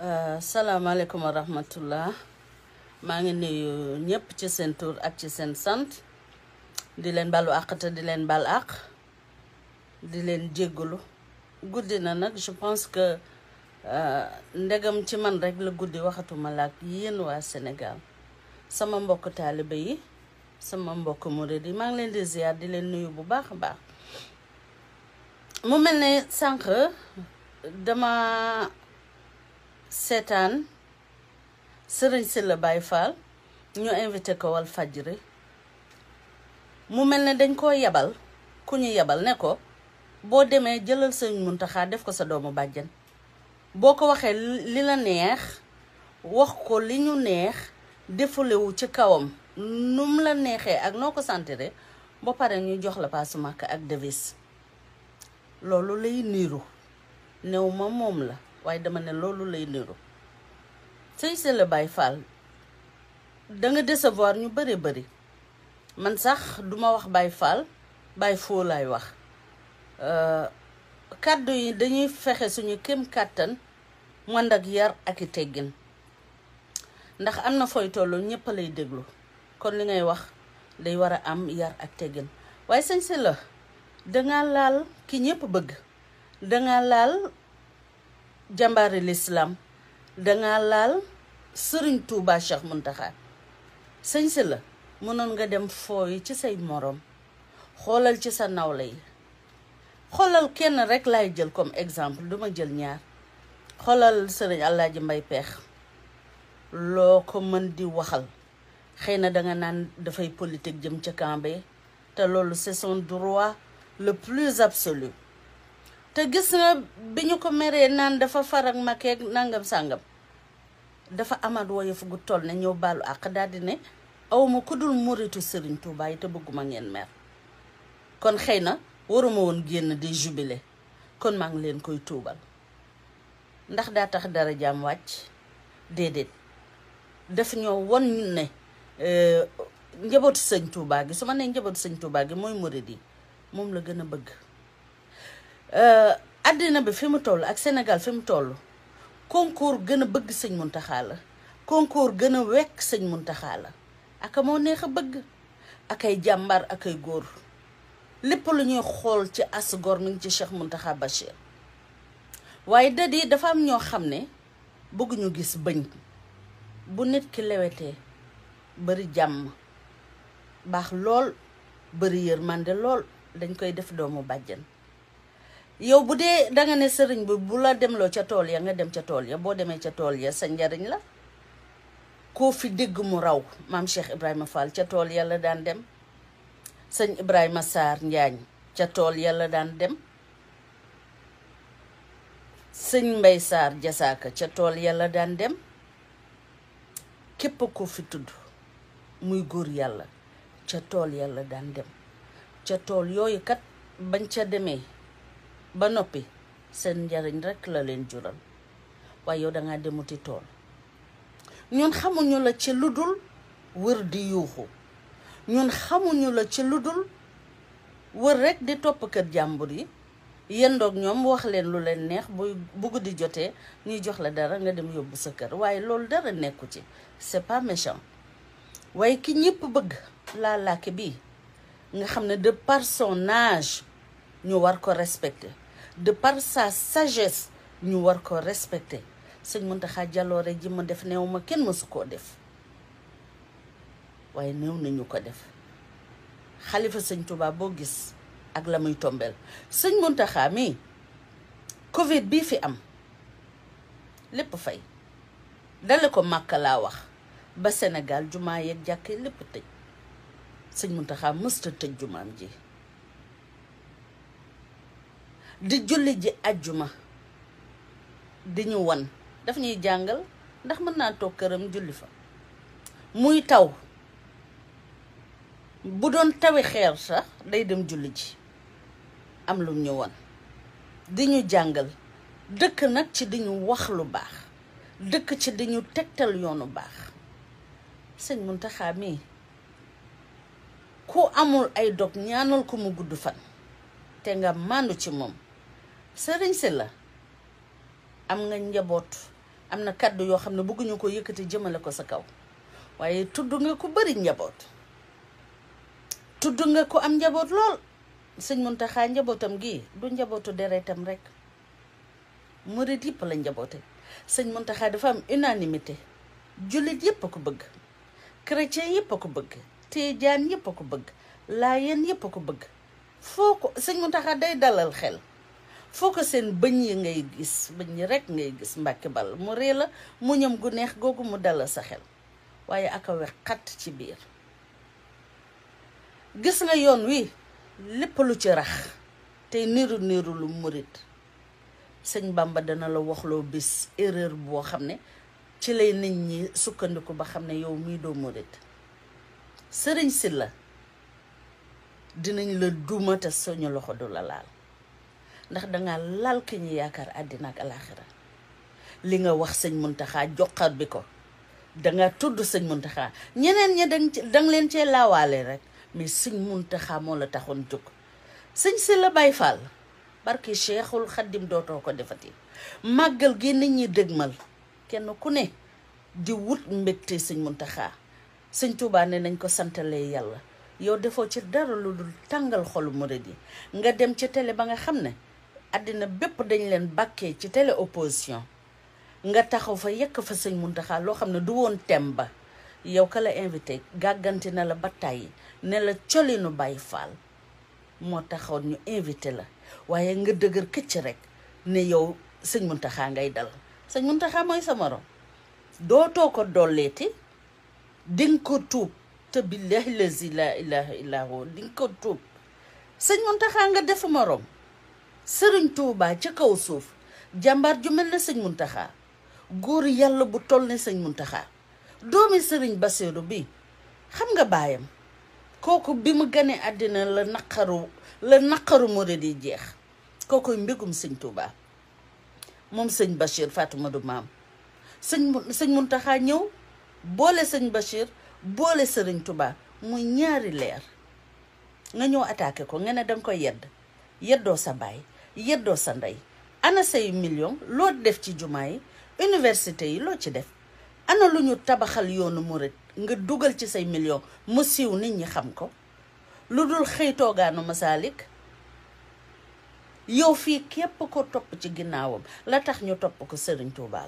Euh, salaamaaleykum wa rahmatullah maa ngi nuyu ñëpp ci seen tur ak ci seen sant di leen balu àq te di leen bal àq di leen jéggulu guddi na nag je pense que euh, ndegam ci man rek la guddi waxatuma laak yéen waa Sénégal sama mbokk taaliba yi sama mbokk murid yi maa ngi leen di ziar di leen nuyu bu baax a baax mu mel ne sànq dama seetaan sëriñ Sylla Baye Fall ñu invité kowal wal fajri mu mel ne dañ koo yebal ku ñu yebal ne ko boo demee jëlal sëriñ Muntaxa def ko sa doomu bàjjan boo ko waxee li la neex wax ko li ñu neex defulewu ci kawam num la neexee ak noo ko santere ba pare ñu jox la paasu màkk ak devise loolu lay niiru néew ma moom la waaye dama ne loolu lay niru sëy se la Baay Faal danga décevoir ñu bare bari man sax duma wax Baay Faal Baay Foo laay wax euh, kàddu yi dañuy fexe suñu kem kàttan mu ànd ak yar ak teggin ndax am na fooy tollu ñépp lay déglu kon li ngay wax day war a am yar ak teggin waaye sañ si la danga laal ki ñépp bëgg danga laal jàmbaare lislaam danga laal sëriñ Touba Cheikh Muntaxa sëñ si la mënoon nga dem fooyi ci say moroom xoolal ci sa nawle yi xoolal kenn rek lay jël comme exemple duma jël ñaar xoolal sëriñ ji Mbay Peex loo ko mën di waxal xëy na danga naan dafay politique jëm ca kambe te loolu c'est droit le plus absolu te gis nga bi ñu ko meree naan dafa farak makeeg nangam sàngam dafa amaat woyof gu toll ne ñëw baalu ak daal ne awma ku dul muritu sëriñ Tuubaa yi te bëgguma ngeen mer kon xëy na waruma woon génn di jubile kon maa ngi leen koy tuubal ndax daa tax dara jaam wàcc déedéet daf ñoo won ne euh, njabootu sëñ Tuubaa gi su ma nee njabootu sëñ Tuubaa gi mooy murit yi moom la gën a bëgg àddina euh, bi fi mu toll ak Sénégal fi mu toll concours gën a bëgg sëñ Muntaxa la concours gën a wekk sëñ Muntaxa la aka moo neex a bëgg ak ay jàmbaar ak ay góor lépp lu ñuy xool ci as gor mi ngi ci Cheikh Muntaxa Bachir waaye dadi dafa am ñoo xam ne bëgguñu gis bëñ bu nit ki lawetee bari jàmm baax lool bari yërmande lool dañ koy def doomu bàjjan yow bu dee danga ne sëriñ bi bu la demloo ca tool ya nga dem ca tool ya boo demee ca tool ya sa njariñ la koo fi dégg mu raw maam Cheikh Ibrahima Fall ca tool ya la daan dem sëñ Ibrahima Sarr Njaañ ca tool ya daan dem sëñ Mbay Sarr Jasaaka ca tool ya la daan dem képp ko fi tudd muy góor yàlla ca tool yàlla daan dem ca tool yooyu kat bañ ca demee ba noppi seen njariñ rekk la leen jural waaye yow dangaa demuti tool ñun xamuñu la ci lu dul wër di yuuxu ñun xamuñu la ci lu dul wër rekk di topp kër jàmbur yi yendoog ñoom wax leen lu leen neex bu bu guddi jotee ñuy jox la dara nga dem yóbbu sa kër waaye loolu dara nekku ci c'est pas méchant waaye ki ñëpp bëgg laa làkk bi nga xam ne de par ñu war ko respecter de par sa sagesse ñu war ko respecter sëñ Mountakha jaloore ji ma def néew ma kenn mësu koo def waaye néew nañu ko def xalifa sëñ Touba boo gis ak la muy tombeel sëñ Mountakha mii Covid bii fi am lépp fay dale ko màkk laa wax ba Sénégal jumaa yeeg jàkkee lépp tëj sëñ Mountakha mësta tëj jumaam ji di julli ji ajjuma di ñu won daf ñuy jàngal ndax mën naa toog këram julli fa muy taw bu doon tawi xeer sax day dem julli ji am lu ñu wan di ñu jàngal dëkk nag ci di ñu wax lu baax dëkk ci di ñu tegtal yoonu baax sëñ Muntaxa mii ku amul ay dog ñaanal ko mu gudd fan te nga màndu ci moom sëriñ si la am nga njaboot am na kàddu yoo xam ne bëgguñu ko yëkkati jëmale ko sa kaw waaye tudd nga ku bari njaboot tudd nga ko am njaboot lool sëñ Muntaxa njabootam gi du njabootu deretam rek murit yëpp la njaboote sëñ Muntaxa dafa am unanimité jullit yëpp a ko bëgg chrétien yëpp a ko bëgg tijaan yëpp a ko bëgg laayeen yëpp a ko bëgg foo ko sëñ Muntaxa day dalal xel foo ko seen bëñ yi ngay gis bëñ yi rekk ngay gis mbàkki bal mu ree la mu ñam gu neex googu mu dala sa xel waaye aka wex xat ci biir gis nga yoon wi lépp lu ci rax tey niru niru lu sëñ Bàmba la waxloo bis boo xam ne ci lay nit ñi sukkandiku ba xam ne yow mii doo murit sëriñ si la dinañ la duumata suñu loxo du la laal ndax danga lal ki ñu yaakaar àddina ak li nga wax sëñ Muntaxa joxar bi ko danga tudd sëñ Muntaxa ñeneen ña dang danga leen cee laawaale rek mais sëñ Muntaxa moo la taxoon jóg sëñ si la Baay Faal barki Cheikhul Xaddim dootoo ko defati màggal gi nit ñi dëgmal kenn ku ne di wut mbégte sëñ Muntaxa sëñ Tuubaa nañ ko santalee yàlla yow defoo ci dara lu dul tàngal xolu murid yi nga dem ci tele ba nga xam ne àddina bépp dañ leen bàkkee ci télé opposition nga taxaw fa yekk fa sëñ Muntaxa loo xam ne du woon tem ba yow ka la invité gàgganti na la ba tàyyi ne la colinu Baay Faal moo taxaw ñu invité la waaye nga dëgër këcc rek ne yow sëñ Muntaxa ngay dal sëñ Muntaxa mooy sa morom dootoo ko dolleeti dinga ko tuub te billahi lazi la ilaha illa ko tuub sëñ Muntaxa nga def morom sëriñ Touba ca kaw suuf jàmbaar ju mel ne sëñ Muntaxa góor yàlla bu toll ne sëñ Muntaxa doomi sëriñ Basiiru bi xam nga baayam kooku bi mu ganee àddina la naqaru la naqaru murid yi jeex kookoy mbégum sëñ Touba moom sëñ Bachir Fatuma du maam sëñ sëñ Muntaxa ñëw boole sëñ Bachir boole sëriñ Touba muy ñaari leer nga ñëw attaqué ko nga ne danga koy yedd yeddoo sa baay yeddoo sa ndey ana say million loo def ci jumaa yi université yi loo ci def ana lu ñu tabaxal yoonu murit nga dugal ci say million mu siiw nit ñi xam ko lu dul xëy toogaanu masaalik yow fii képp ko topp ci ginnaawam la tax ñu topp ko Serigne Touba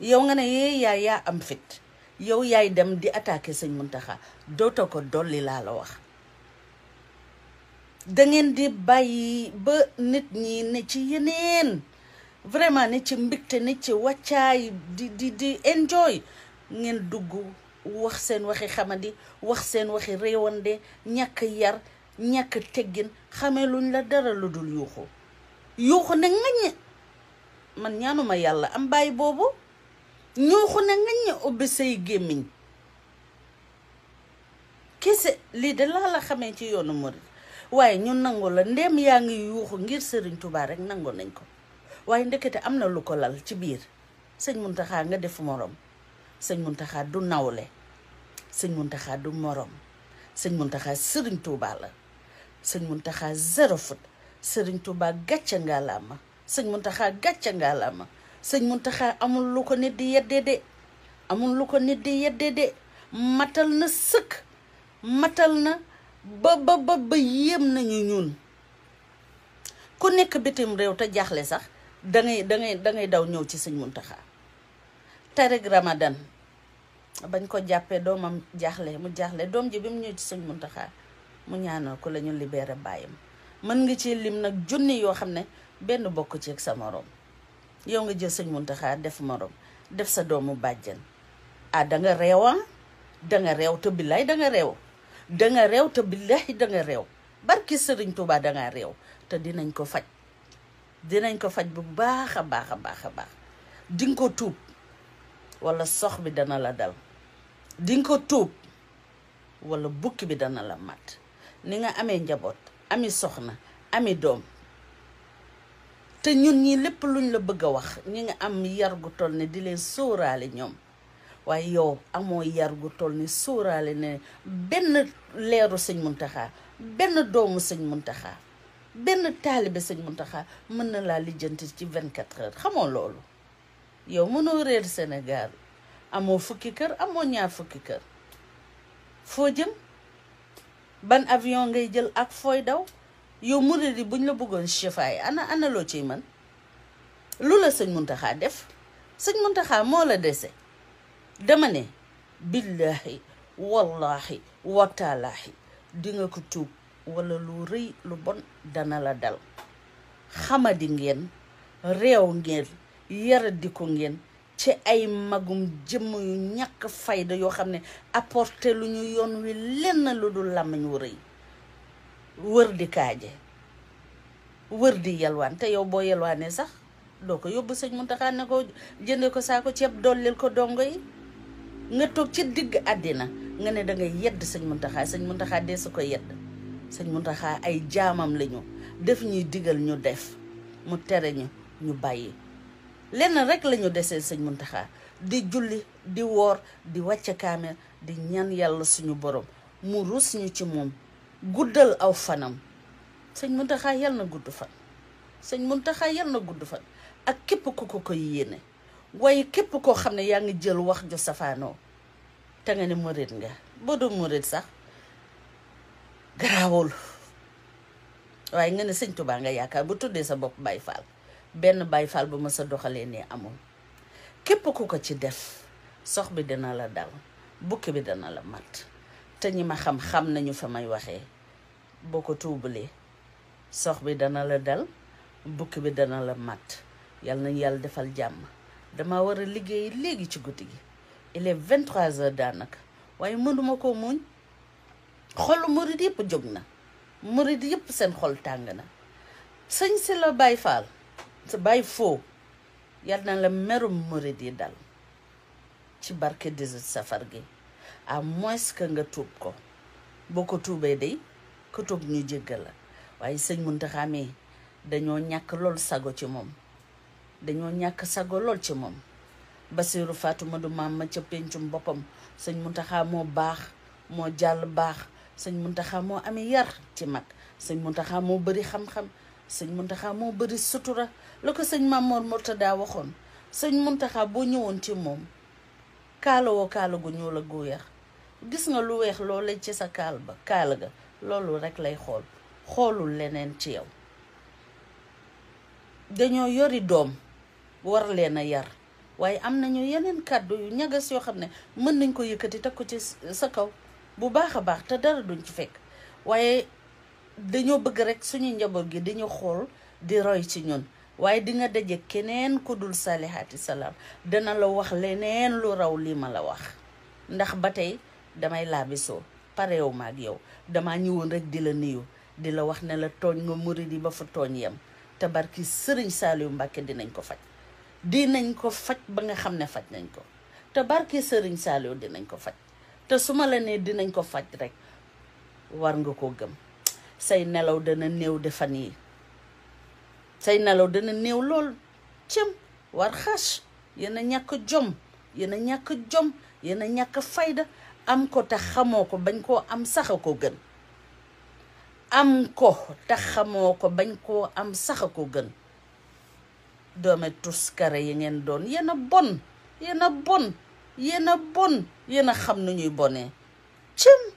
yow nga ne yee yaa am fit yow yaay dem di attaqué sëñ Muntaxa dootoo ko dolli laa la wax dangeen ngeen di bàyyi ba nit ñi ne ci yeneen vraiment ne ci mbigte ne ci wàccaay di di di enjoy ngeen dugg wax seen waxi xamadi wax seen waxi réewande ñàkk yar ñàkk teggin xamee luñ la dara lu dul yuuxu yuuxu ne ngaññe man ñaanuma yàlla am bàyyi boobu ñuuxu ne ngaññe ubbi say gémmiñ kese lii de laa la xamee ci yoonu murid waaye ñu nangu la ndéem yaa ngi yuuxu ngir sëriñ Touba rek nangu nañ ko waaye ndekete am na lu ko lal ci biir sëñ Muntaxa nga def morom sëñ Muntaxa du nawle sëñ Muntaxa du morom sëñ Muntaxa sëriñ Touba la sëñ Muntaxa zéro foot sëriñ Touba gàcce ngaa la ma sëñ Muntaxa gàcce ngaa la ma sëñ Muntaxa amul lu ko nit di yeddee de amul lu ko nit di yeddee de matal na sëkk matal na ba ba ba yéem nañu ñun ku nekk bitim réew te jaaxle sax da ngay da ngay daw ñëw ci sëñ Muntaxa tereg Ramadan bañ ko jàppee doomam jaaxle mu jaaxle doom ji bi mu ñëw ci sëñ Muntaxa mu ñaanal ko lañu ñu libéré bàyyam mën nga ci lim nag junni yoo xam ne benn bokk ci ak sa moroom yow nga jël sëñ Muntaxa def moroom def sa doomu bàjjan ah da nga réewa ah? da nga réew te billaay réew da réew te billahi da nga réew barki sëriñ Tuuba danga réew te dinañ ko faj dinañ ko faj bu baax a baax a baax a baax di ko tuub wala sox bi dana la dal di ko tuub wala bukki bi dana la mat ni nga amee njaboot ami soxna ami doom te ñun ñii lépp luñ la bëgg a wax ñi nga am yar gu toll ne di leen sóoraale ñoom waaye yow amoo yar gu toll ni sóoraale ne benn leeru sëñ Muntaxa benn doomu sëñ Muntaxa benn taalibe sëñ Muntaxa mën na laa lijjanti ci 24 heures xamoo loolu yow mënoo réer Sénégal amoo fukki kër amoo ñaar fukki kër foo jëm ban avion ngay jël ak fooy daw yow murid yi buñ la bëggoon chefaay ana ana loo ciy man lu la sëñ Muntaxa def sëñ Muntaxa moo la dese dama ne billaahi wallaahi wataalaahi di ko tuub walla lu rëy lu bon dana la dal xamadi ngeen réew ngeen yaradi ko ngeen ci ay magum jëmm yu ñàkk fayda yoo xam ne apporté lu ñu yoon wi lenn lu dul làmmiñ wu rëy wër di kaaje wër di yalwaan te yow boo yalwaanee sax doo ko yóbbu sëñ Muntaxa ne ko jënde ko saako ceeb dollil ko dongo yi nga toog ci digg àddina nga ne dangay yedd sëñ Muntaxa sëñ Muntaxa dee su ko yedd sëñ Muntaxa ay jaamam lañu def ñuy digal ñu def mu tere ñu ñu bàyyi lenn rek lañu desee sëñ Muntaxa di julli di woor di wàcc kaamel di ñan yàlla suñu boroom mu rus ñu ci moom guddal aw fanam sëñ Muntaxa yal na gudd fan sëñ Muntaxa yal na gudd fan ak képp ku ko koy yéene waaye képp koo xam ne yaa ngi jël wax ju safaanoo te nga ne murit nga boo doon murit sax garaawul waaye nga ne sëñ Tuubaa nga yaakaar bu tuddee sa bopp Baay Faal benn Baay Faal bu ma sa doxalee ne amul képp ku ko ci def sox bi dina la dal bukki bi dana la mat te ñi ma xam xam nañu fa may waxee boo ko tuubalee sox bi dana la dal bukki bi dana la mat yal nañu yàlla defal jàmm dama war a liggéey léegi ci guddi gi il est 23 heures daanaka waaye mënuma ko muñ xol murid yëpp jóg na murid yëpp seen xol tàng na sëñ si la Baay Faal sa Baay Foo yal na la merum murid yi dal ci barke 18 safar gi à moins que nga tuub ko boo ko tuubee day ko tuub ñu jéggal la waaye sëñ Muntaxa mi dañoo ñàkk loolu sago ci moom dañoo ñàkk sago lool ci moom Basiiru Faatu Madu maam ma ca péncum boppam sëñ Muntaxa moo baax moo jàll baax sëñ Muntaxa moo amee yar ci mag sëñ Muntaxa moo bëri xam-xam sëñ Muntaxa moo bari sutura la ko sëñ Mamoor daa waxoon sëñ Muntaxa boo ñëwoon ci moom kaala woo kaala gu ñuul gu weex gis nga lu weex loo lay ci sa kaal ba kaala ga loolu rekk lay xool xoolul leneen ci yow dañoo yori doom war leen a yar waaye am nañu yeneen kàddu yu ñagas yoo xam ne mën nañ ko yëkkati teg ko ci sa kaw bu baax a baax te dara duñ ci fekk waaye dañoo bëgg rek suñu njaboot gi di dañu xool di roy ci ñun waaye di nga daje keneen ku dul saalihaati salaam dana la wax leneen lu raw lii ma la wax ndax ba tey damay laabisoo pareewu ma ak yow damaa ñëwoon rek di la nuyu di la wax ne la tooñ nga murid yi ba fa tooñ yem te barki sëriñ Saaliyu Mbàkke dinañ ko faj dinañ ko faj ba nga xam ne faj nañ ko te barke Sëriñ Saliou dinañ ko faj te su ma la nee dinañ ko faj rek war nga ko gëm say nelaw dana néew de fan yi say nelaw dana néew lool cëm war xas yéen a ñàkk jom yéen a ñàkk jom yéen a ñàkk fayda am ko tax xamoo ko bañ koo am sax a ko gën am ko tax xamoo ko bañ koo am sax a ko gën doome tuskare yi ngeen doon yéen a bon yéen a bon yéen a xam nu ñuy bonee cim